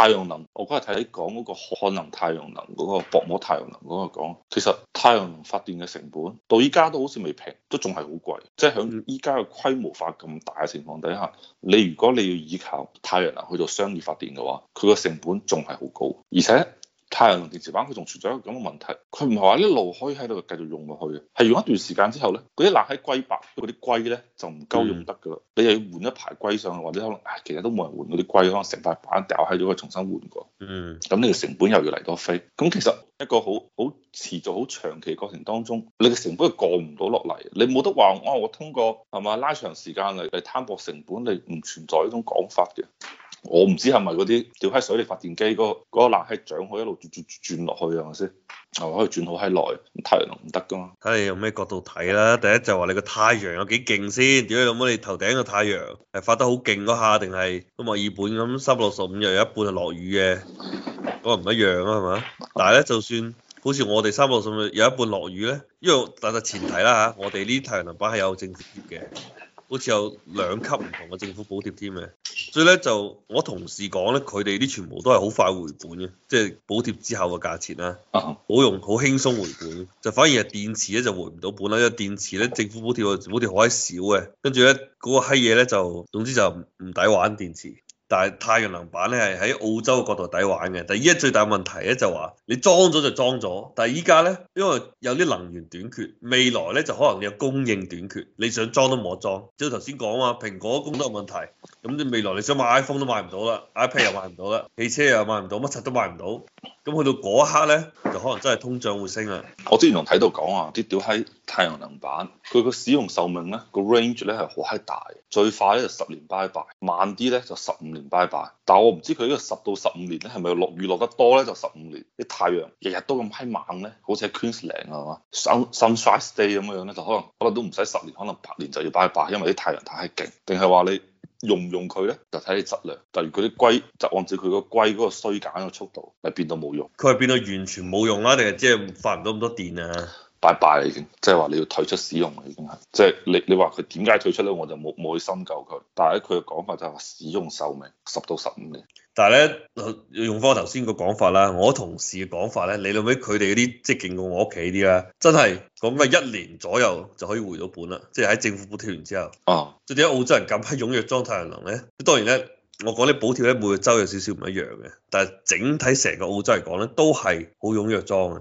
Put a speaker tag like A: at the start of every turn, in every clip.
A: 太陽能，我覺得睇你講嗰個漢能太陽能嗰個薄膜太陽能嗰個講，其實太陽能發電嘅成本到依家都好似未平，都仲係好貴。即係響依家嘅規模化咁大嘅情況底下，你如果你要依靠太陽能去做商業發電嘅話，佢個成本仲係好高，而且。太陽能電池板佢仲存在一個咁嘅問題，佢唔係話一路可以喺度繼續用落去嘅，係用一段時間之後咧，嗰啲爛喺硅白，嗰啲硅咧就唔夠用得㗎喇，你又要換一排硅上去，或者可能、哎、其實都冇人換嗰啲硅，可能成塊板掉喺咗，佢重新換過。嗯。咁你嘅成本又要嚟多飛，咁其實一個好好持續好長期嘅過程當中，你嘅成本係過唔到落嚟，你冇得話，我通過係嘛拉長時間嚟嚟攤薄成本，你唔存在呢種講法嘅。我唔知係咪嗰啲吊喺水力發電機嗰個嗰個冷氣掌去一路轉轉轉落去係咪先？就可以轉好喺耐。太陽能唔得噶嘛？
B: 睇你用咩角度睇啦。第一就話你個太陽有幾勁先？點解咁？你頭頂個太陽係發得好勁嗰下，定係咁墨爾本咁三六十五又有一半係落雨嘅？嗰個唔一樣啊，係嘛？但係咧，就算好似我哋三六十五有一半落雨咧，因為但係前提啦嚇，我哋呢太陽能板係有政府貼嘅，好似有兩級唔同嘅政府補貼添嘅。所以咧就我同事講咧，佢哋啲全部都係好快回本嘅，即係補貼之後嘅價錢啦，好容好輕鬆回本，就反而係電池咧就回唔到本啦，因為電池咧政府補貼個補貼好閪少嘅，跟住咧嗰個閪嘢咧就總之就唔唔抵玩電池。但係太陽能板咧係喺澳洲嘅角度係抵玩嘅，但係依家最大問題咧就話你裝咗就裝咗，但係依家咧因為有啲能源短缺，未來咧就可能有供應短缺，你想裝都冇得裝。即係頭先講啊，蘋果供都有問題，咁你未來你想買 iPhone 都買唔到啦，iPad 又買唔到啦，汽車又買唔到，乜柒都買唔到。咁去到嗰一刻咧，就可能真係通脹會升啊！
A: 我之前同睇到講啊，啲屌閪太陽能板，佢個使用壽命咧，個 range 咧係好閪大，最快咧就十年拜拜，慢啲咧就十五年拜拜。但係我唔知佢呢個十到十五年咧，係咪落雨落得多咧就十五年？啲太陽日日都咁閪猛咧，好似 Queen 嶺啊嘛，Sun Sunshine Day 咁樣樣咧，就可能可能都唔使十年，可能百年就要拜拜，因為啲太陽太勁。定係話你。用唔用佢咧，就睇你質量。例如佢啲硅，就按照佢個硅嗰個衰減嘅速度嚟變到冇用。佢係變到
B: 完全冇用啦，定係即係發唔到咁多電啊？
A: 拜拜啦，已經即係話你要退出使用啦，已經係即係你你話佢點解退出咧，我就冇冇去深究佢。但係咧佢嘅講法就係話使用壽命十到十五年。
B: 但係咧用翻頭先個講法啦，我同事嘅講法咧，你諗起佢哋嗰啲即係勁過我屋企啲啦，真係講緊一年左右就可以回到本啦，即係喺政府補貼完之後。哦、啊。即係點解澳洲人咁踴躍裝太陽能咧？當然咧，我講啲補貼咧每個州有少少唔一樣嘅，但係整體成個澳洲嚟講咧都係好踴躍裝嘅。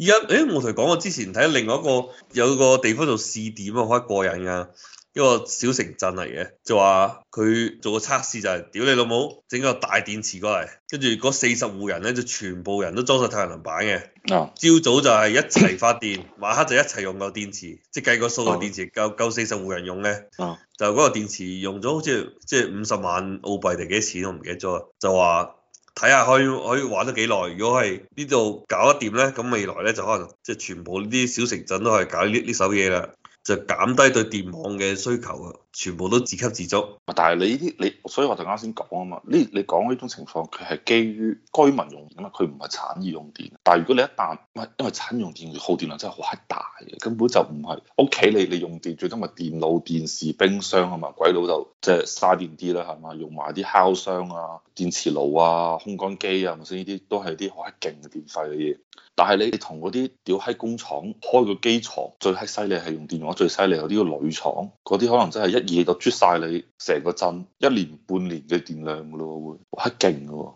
B: 而家，誒，我同你講，我之前睇另外一個有個地方做試點啊，好過癮噶，一個小城鎮嚟嘅，就話佢做個測試就係，屌你老母，整個大電池過嚟，跟住嗰四十戶人咧就全部人都裝晒太陽能板嘅，朝早就係一齊發電，晚黑就一齊用個電池，即係計個數個電池夠夠四十戶人用咧，哦、就嗰個電池用咗好似即係五十萬澳幣定幾多錢我唔記得咗，就話。睇下可以可以玩得幾耐，如果係呢度搞得掂咧，咁未來咧就可能即全部啲小城鎮都可以搞呢手嘢啦，就減低對電網嘅需求。全部都自給自足，但係你呢啲你，所以我就啱先講啊嘛。呢你講呢種情況，佢係
A: 基於居民用電啊嘛，佢唔係產業用電。但係如果你一旦，因為產用電耗電量真係好閪大嘅，根本就唔係屋企你你用電最多咪電腦、電視、冰箱啊嘛？鬼佬就即係嘥電啲啦係嘛？用埋啲烤箱啊、電磁爐啊、烘乾機啊，咪先呢啲都係啲好閪勁嘅電費嘅嘢。但係你同嗰啲屌閪工廠開個機床最閪犀利係用電用得最犀利，嗰啲叫鋁廠，嗰啲可能真係一。嘢就出晒你成個鎮一年半年嘅電量噶咯喎，哇，勁噶喎！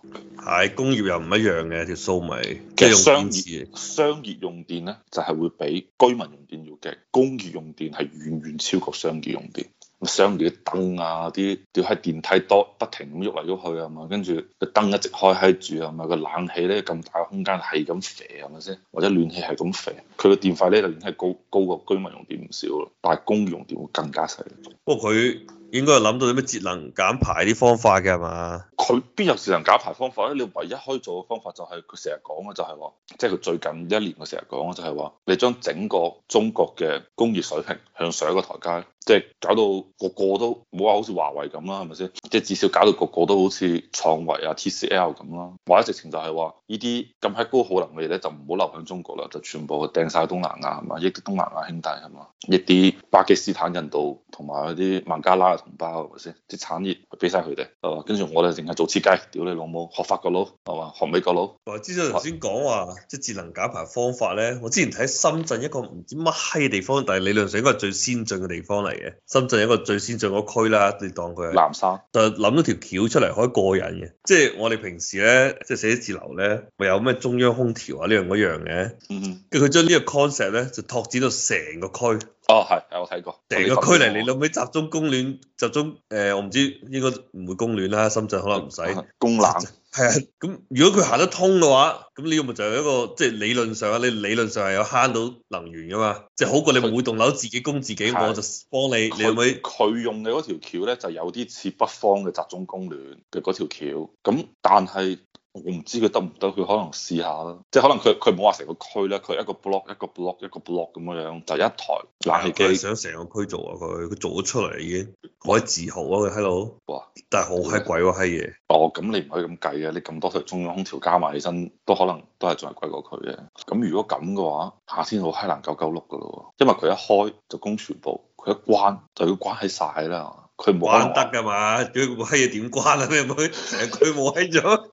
A: 係工業又唔一樣嘅條數咪。商業商業用電咧，就係會比居民用電要勁，工業用電係遠遠超過商業用電。想唔住啲燈啊，啲吊喺電梯多，不停咁喐嚟喐去啊嘛，跟住個燈一直開喺住啊嘛，個冷氣咧咁大個空間係咁肥，係咪先？或者暖氣係咁肥，佢個電費咧就已經係高高過居民用電唔少咯，但係公用電會更加細。不
B: 過佢。應該係諗到啲咩節能減排啲方法嘅係嘛？佢邊有節能減排方法
A: 咧？你唯一可以做嘅方法就係佢成日講嘅就係話，即係佢最近一年佢成日講嘅就係話，你將整個中國嘅工業水平向上一個台階，即係搞到個個都唔好話好似華為咁啦，係咪先？即係至少搞到個個都好似創維啊、TCL 咁啦。話直情就係話，呢啲咁 h 高耗能嘅嘢咧，就唔好留喺中國啦，就全部掟曬東南亞係嘛，益啲東南亞兄弟係嘛，益啲巴基斯坦人、印度同埋嗰啲孟加拉。紅包係咪先？啲產業俾晒佢哋，啊、嗯！跟住我哋淨係做設計，屌你老母，學法國佬係嘛？學美國佬。
B: 我哋之前頭先講話，即係是節能減排方法咧。我之前睇深圳一個唔知乜閪地方，但係理論上應該係最先進嘅地方嚟嘅。深圳一個最先進嗰區啦，你當佢係南沙。就諗咗條橋出嚟，可以過癮嘅。即係我哋平時咧，即係寫字樓咧，咪有咩中央空調啊？呢樣嗰樣嘅。嗯嗯。佢、嗯、將個呢個 concept 咧，就拓展到成個區。哦係，係我睇過。第個區嚟，你諗起集中供暖，集中誒、呃，我唔知應該唔會供暖啦，深圳可能唔使供冷。係啊，咁如果佢行得通嘅話，咁你要咪就係一個即係、就是、理論上，你理論上係有慳到能源噶嘛，即、就、係、是、好過你每棟樓自己供自己，他我就幫你是你諗起。佢用
A: 嘅嗰條橋咧，就有啲似北方嘅集中供暖嘅嗰條橋，咁但係。我唔知佢得唔得，佢可能試下啦。即係可能佢佢冇話成個區咧，佢一個 block 一個 block
B: 一個 block 咁樣樣，就是、一台冷氣機。啊、想成個區做啊佢，佢做咗出嚟已經，好自豪啊佢。Hello，哇！但係好閪鬼喎閪嘢。哦，咁你唔可以咁計啊！你咁
A: 多台中央空調加埋起身，都可能都係仲係貴過佢嘅。咁如果咁嘅話，夏天好閪難搞，狗碌噶咯。因為佢一開就供全部，佢一關就要關喺晒啦。
B: 佢冇關得噶嘛？仲要閪嘢點關啊？你唔好成日佢冇喺咗。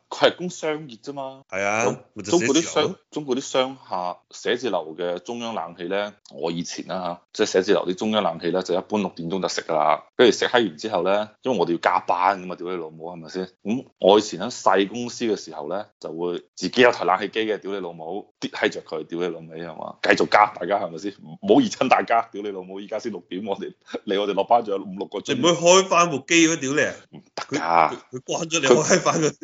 B: 係工商業啫嘛，係啊。中國啲商中國啲商客
A: 寫字樓嘅中央冷氣咧，我以前啦嚇，即係寫字樓啲中央冷氣咧就一般六點鐘就熄啦。跟住熄閪完之後咧，因為我哋要加班㗎嘛，屌你老母係咪先？咁我以前喺細公司嘅時候咧，就會自己有台冷氣機嘅，屌你老母啲閪着佢，屌你老尾係嘛，繼續加大家係咪先？唔好疑親大家，屌你老母、啊，而家先六點，我哋嚟我哋落班仲有五六個鍾。你唔會
B: 開翻部機㗎，屌你！
A: 唔得㗎，佢關咗你開翻佢。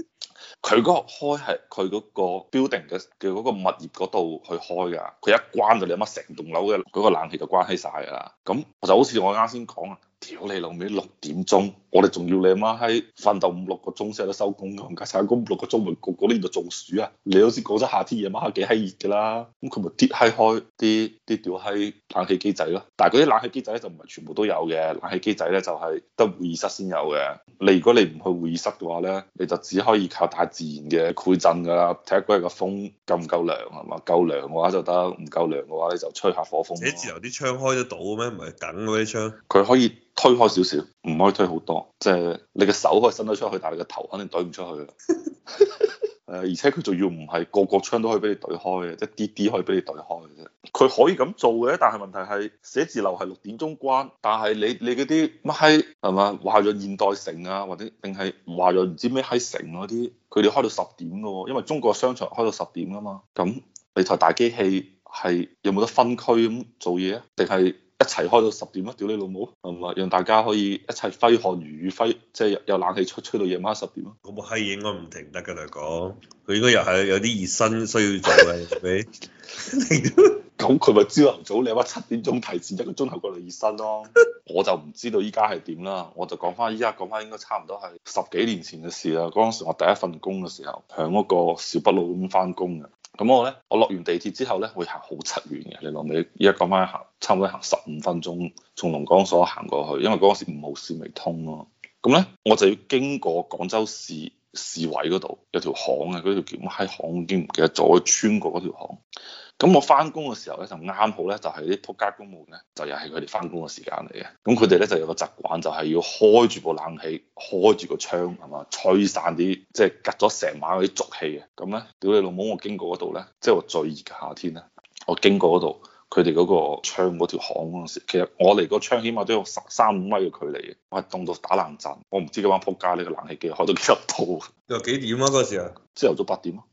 A: 佢嗰個開係佢嗰個 building 嘅嘅嗰個物業嗰度去開噶，佢一關咗你乜成棟樓嘅嗰個冷氣就關起晒㗎啦，咁就好似我啱先講啊。屌你老味，六點鐘，我哋仲要你阿媽喺瞓到五六個鐘先有得收工咁，加上嗰五六個鐘咪個個呢度中暑啊！你好似講咗夏天夜晚係幾閪熱㗎啦，咁佢咪跌閪開啲啲屌閪冷氣機仔咯。但係嗰啲冷氣機仔就唔係全部都有嘅，冷氣機仔咧就係得會議室先有嘅。你如果你唔去會議室嘅話咧，你就只可以靠大自然嘅攰震㗎啦。睇一日嘅風夠唔夠涼係嘛？夠涼嘅話就得，唔夠涼嘅話咧就吹下火風。
B: 你自由啲窗開得到嘅咩？唔係緊㗎啲窗。
A: 佢可以。推開少少，唔可以推好多，即係你嘅手可以伸得出去，但係你嘅頭肯定對唔出去嘅。誒， 而且佢仲要唔係個個窗都可以俾你對開嘅，即係啲啲可以俾你對開嘅啫。佢可以咁做嘅，但係問題係寫字樓係六點鐘關，但係你你嗰啲乜閪係嘛華潤現代城啊，或者定係華潤唔知咩閪城嗰啲，佢哋開到十點嘅喎，因為中國商場開到十點㗎嘛。咁你台大機器係有冇得分區咁做嘢啊？定係？一齊開到十點啊！屌你老母，係嘛？讓大家可以一齊揮汗如雨，雨，揮即係有冷氣吹吹到夜晚十點啊！咁閪
B: 應該唔停得嘅嚟講，佢應該又係有啲熱身需要做嘅，係咪？咁佢咪朝頭早你話七點鐘提前一個鐘頭過嚟熱身咯？ 我
A: 就唔知道依家係點啦，我就講翻依家講翻應該差唔多係十幾年前嘅事啦。嗰陣時我第一份工嘅時候，喺嗰個小北路咁翻工嘅。咁我咧，我落完地鐵之後咧，會行好七遠嘅。你諗你依家講翻行，差唔多行十五分鐘，從龍江所行過去，因為嗰陣時五號線未通咯啊。咁咧，我就要經過廣州市市委嗰度，有條巷啊，嗰條叫乜閪巷，已經唔記得咗。我穿過嗰條巷。咁我翻工嘅時候咧，就啱好咧，就係啲仆街公務咧，就又係佢哋翻工嘅時間嚟嘅。咁佢哋咧就有個習慣，就係、是、要開住部冷氣，開住個窗係嘛，吹散啲即係隔咗成晚嗰啲濁氣嘅。咁咧，屌你老母！我經過嗰度咧，即係我最熱嘅夏天咧，我經過嗰度，佢哋嗰個窗嗰條巷嗰陣時，其實我離嗰窗起碼都有三五米嘅距離，我係凍到打冷震。我唔知嗰班仆街呢個冷氣機開到幾多
B: 度？又幾點啊？嗰陣時啊，
A: 朝頭早八點啊，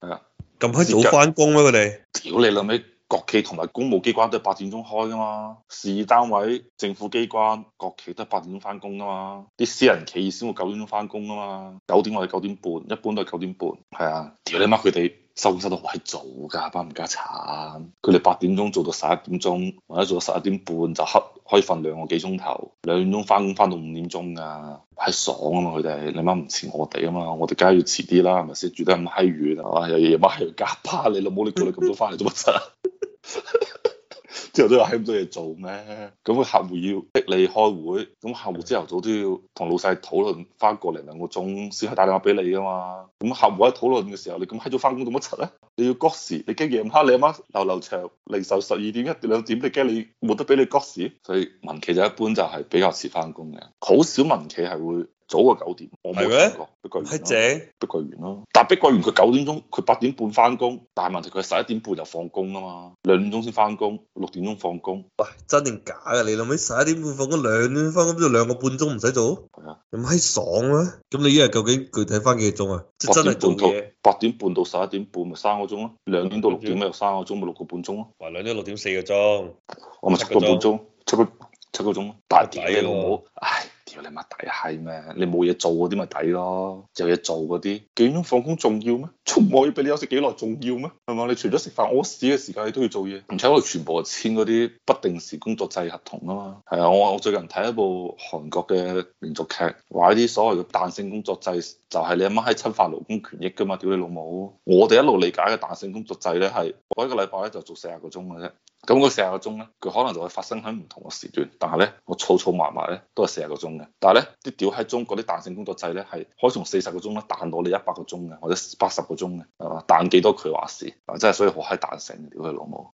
A: 係啊。咁閪早翻
B: 工咩？佢哋間，
A: 屌你諗起，國企同埋公務機關都係八點鐘開噶嘛？事業單位、政府機關、國企都係八點鐘翻工噶嘛？啲私人企業先會九點鐘翻工噶嘛？九點或者九點半，一般都係九點半。係啊，屌你媽！佢哋。收工收得好閪早㗎，班唔加產。佢哋八點鐘做到十一點鐘，或者做到十一點半就黑，可以瞓兩個幾鐘頭。兩點鐘翻，翻到五點鐘㗎，係爽啊嘛！佢哋，你媽唔似我哋啊嘛，我哋梗係要遲啲啦，係咪先？住得咁閪遠，哇、哎！又夜晚喺度加班，你老母你叫你咁早翻嚟做乜柒？之後都有喺咁多嘢做咩？咁個客戶要逼你開會，咁客戶朝頭早都要同老細討論花個零兩個鐘先可以打電話俾你噶嘛。咁客戶喺討論嘅時候，你咁喺度翻工做乜柒咧？你要割時，你驚夜咁黑，你阿媽，媽流流長嚟受十二點一兩點，你驚你冇得俾你割時。所以民企就一般就係比較遲翻工嘅，好少民企係會。早啊九點，我冇咩？碧桂園咯，碧桂園咯。但碧桂園佢九點鐘，佢八點半翻工，但係問題佢十一點半就放工啊嘛，兩點鐘先翻工，六點鐘放工。喂，真定
B: 假㗎？你諗起十一點半放工，兩點翻工，邊度兩個半鐘唔使做？係啊對，咁閪爽啊！咁你一日究竟具體翻幾多鐘啊？即真係，
A: 八點半到十一點半咪三個鐘咯，兩點到六點咪三個鐘，咪六個半鐘咯。
B: 話，兩點六點四個鐘，我咪說七個半鐘，
A: 七個七個鐘咯，八點嘅我屌你乜底係咩？你冇嘢做嗰啲咪抵咯，有嘢做嗰啲幾點鐘放工重要咩？中午我要俾你休息幾耐重要咩？係嘛？你除咗食飯，屙屎嘅時間你都要做嘢，而且我哋全部係簽嗰啲不定時工作制合同啊嘛。係啊，我我最近睇一部韓國嘅連續劇，話一啲所謂嘅彈性工作制就係你阿媽喺侵犯勞工權益㗎嘛。屌你老母！我哋一路理解嘅彈性工作制咧係我一個禮拜咧就做四十個鐘嘅啫。咁嗰四十個鐘咧，佢可能就會發生喺唔同嘅時段，但係咧，我草草麻麻咧都係四十個鐘嘅。但係咧，啲屌喺中國啲彈性工作制咧，係可以從四十個鐘咧彈到你一百個鐘嘅，或者八十個鐘嘅，係嘛？彈幾多佢話事，係嘛？真係所以好閪彈性，屌佢老母！